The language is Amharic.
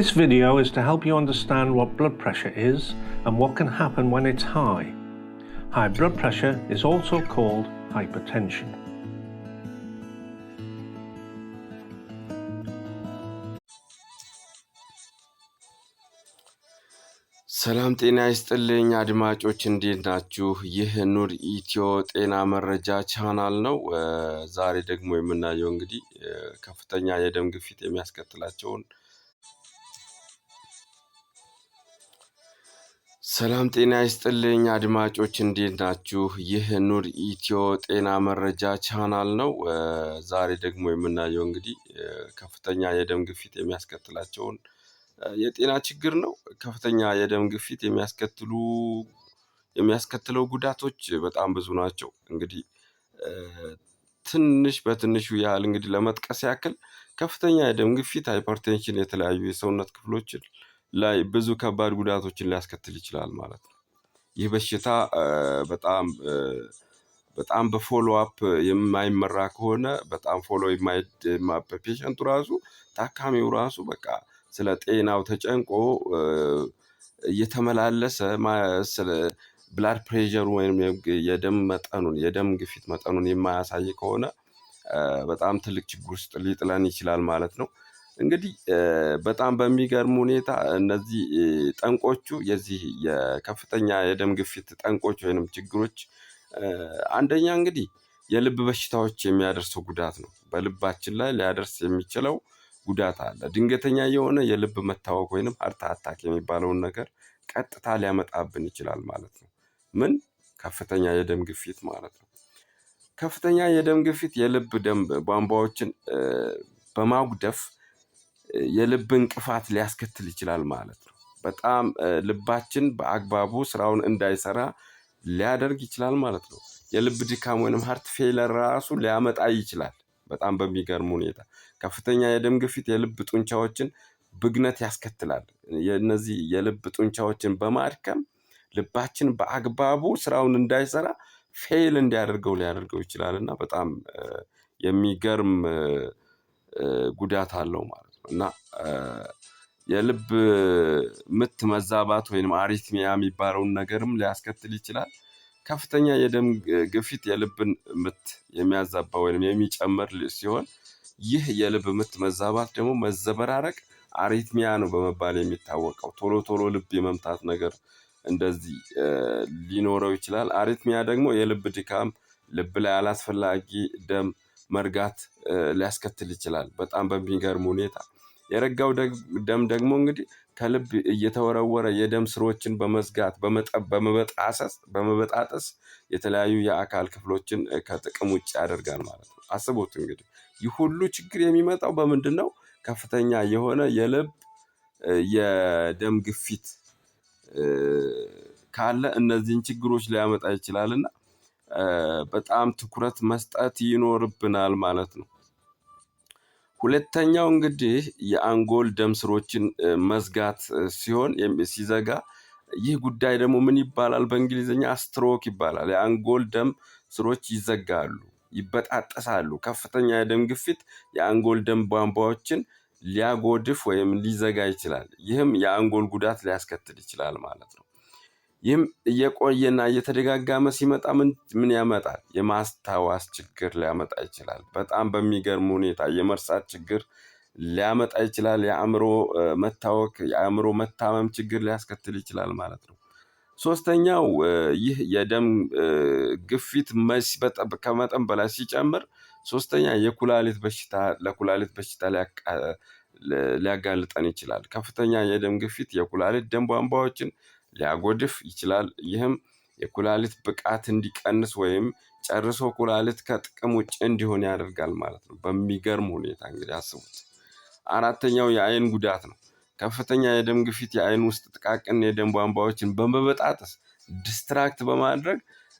This video is to help you understand what blood pressure is and what can happen when it's high. High blood pressure is also called hypertension. ሰላም ጤና ይስጥልኝ አድማጮች እንዴት ናችሁ? ይህ ኑር ኢትዮ ጤና መረጃ ቻናል ነው። ዛሬ ደግሞ የምናየው እንግዲህ ከፍተኛ የደም ግፊት የሚያስከትላቸውን ሰላም ጤና ይስጥልኝ አድማጮች እንዴት ናችሁ? ይህ ኑር ኢትዮ ጤና መረጃ ቻናል ነው። ዛሬ ደግሞ የምናየው እንግዲህ ከፍተኛ የደም ግፊት የሚያስከትላቸውን የጤና ችግር ነው። ከፍተኛ የደም ግፊት የሚያስከትሉ የሚያስከትለው ጉዳቶች በጣም ብዙ ናቸው። እንግዲህ ትንሽ በትንሹ ያህል እንግዲህ ለመጥቀስ ያክል ከፍተኛ የደም ግፊት ሃይፐርቴንሽን የተለያዩ የሰውነት ክፍሎችን ላይ ብዙ ከባድ ጉዳቶችን ሊያስከትል ይችላል ማለት ነው። ይህ በሽታ በጣም በጣም በፎሎ አፕ የማይመራ ከሆነ በጣም ፎሎ ፔሸንቱ ራሱ ታካሚው ራሱ በቃ ስለ ጤናው ተጨንቆ እየተመላለሰ ብላድ ፕሬሩ ወይም የደም መጠኑን የደም ግፊት መጠኑን የማያሳይ ከሆነ በጣም ትልቅ ችግር ውስጥ ሊጥለን ይችላል ማለት ነው። እንግዲህ በጣም በሚገርም ሁኔታ እነዚህ ጠንቆቹ የዚህ የከፍተኛ የደም ግፊት ጠንቆች ወይንም ችግሮች አንደኛ እንግዲህ የልብ በሽታዎች የሚያደርሰው ጉዳት ነው። በልባችን ላይ ሊያደርስ የሚችለው ጉዳት አለ። ድንገተኛ የሆነ የልብ መታወክ ወይንም ሀርት አታክ የሚባለውን ነገር ቀጥታ ሊያመጣብን ይችላል ማለት ነው። ምን ከፍተኛ የደም ግፊት ማለት ነው። ከፍተኛ የደም ግፊት የልብ ደም ቧንቧዎችን በማጉደፍ የልብ እንቅፋት ሊያስከትል ይችላል ማለት ነው። በጣም ልባችን በአግባቡ ስራውን እንዳይሰራ ሊያደርግ ይችላል ማለት ነው። የልብ ድካም ወይም ሀርት ፌለር ራሱ ሊያመጣ ይችላል። በጣም በሚገርም ሁኔታ ከፍተኛ የደም ግፊት የልብ ጡንቻዎችን ብግነት ያስከትላል። የእነዚህ የልብ ጡንቻዎችን በማድከም ልባችን በአግባቡ ስራውን እንዳይሰራ ፌል እንዲያደርገው ሊያደርገው ይችላል እና በጣም የሚገርም ጉዳት አለው ማለት ነው። እና የልብ ምት መዛባት ወይም አሪትሚያ የሚባለውን ነገርም ሊያስከትል ይችላል። ከፍተኛ የደም ግፊት የልብን ምት የሚያዛባ ወይም የሚጨምር ሲሆን ይህ የልብ ምት መዛባት ደግሞ መዘበራረቅ አሪትሚያ ነው በመባል የሚታወቀው። ቶሎ ቶሎ ልብ የመምታት ነገር እንደዚህ ሊኖረው ይችላል። አሪትሚያ ደግሞ የልብ ድካም፣ ልብ ላይ አላስፈላጊ ደም መርጋት ሊያስከትል ይችላል። በጣም በሚገርም ሁኔታ የረጋው ደም ደግሞ እንግዲህ ከልብ እየተወረወረ የደም ስሮችን በመዝጋት በመበጣጠስ የተለያዩ የአካል ክፍሎችን ከጥቅም ውጭ ያደርጋል ማለት ነው። አስቡት እንግዲህ ይህ ሁሉ ችግር የሚመጣው በምንድን ነው? ከፍተኛ የሆነ የልብ የደም ግፊት ካለ እነዚህን ችግሮች ሊያመጣ ይችላልና በጣም ትኩረት መስጠት ይኖርብናል ማለት ነው። ሁለተኛው እንግዲህ የአንጎል ደም ስሮችን መዝጋት ሲሆን ሲዘጋ ይህ ጉዳይ ደግሞ ምን ይባላል? በእንግሊዝኛ ስትሮክ ይባላል። የአንጎል ደም ስሮች ይዘጋሉ፣ ይበጣጠሳሉ። ከፍተኛ የደም ግፊት የአንጎል ደም ቧንቧዎችን ሊያጎድፍ ወይም ሊዘጋ ይችላል። ይህም የአንጎል ጉዳት ሊያስከትል ይችላል ማለት ነው። ይህም እየቆየና እየተደጋጋመ ሲመጣ ምን ያመጣል? የማስታወስ ችግር ሊያመጣ ይችላል። በጣም በሚገርም ሁኔታ የመርሳት ችግር ሊያመጣ ይችላል። የአእምሮ መታወክ፣ የአእምሮ መታመም ችግር ሊያስከትል ይችላል ማለት ነው። ሶስተኛው ይህ የደም ግፊት ከመጠን በላይ ሲጨምር፣ ሶስተኛ የኩላሊት በሽታ ለኩላሊት በሽታ ሊያጋልጠን ይችላል። ከፍተኛ የደም ግፊት የኩላሊት ደም ቧንቧዎችን ሊያጎድፍ ይችላል። ይህም የኩላሊት ብቃት እንዲቀንስ ወይም ጨርሶ ኩላሊት ከጥቅም ውጭ እንዲሆን ያደርጋል ማለት ነው። በሚገርም ሁኔታ እንግዲህ አስቡት። አራተኛው የአይን ጉዳት ነው። ከፍተኛ የደም ግፊት የአይን ውስጥ ጥቃቅን የደም ቧንቧዎችን በመበጣጠስ ዲስትራክት በማድረግ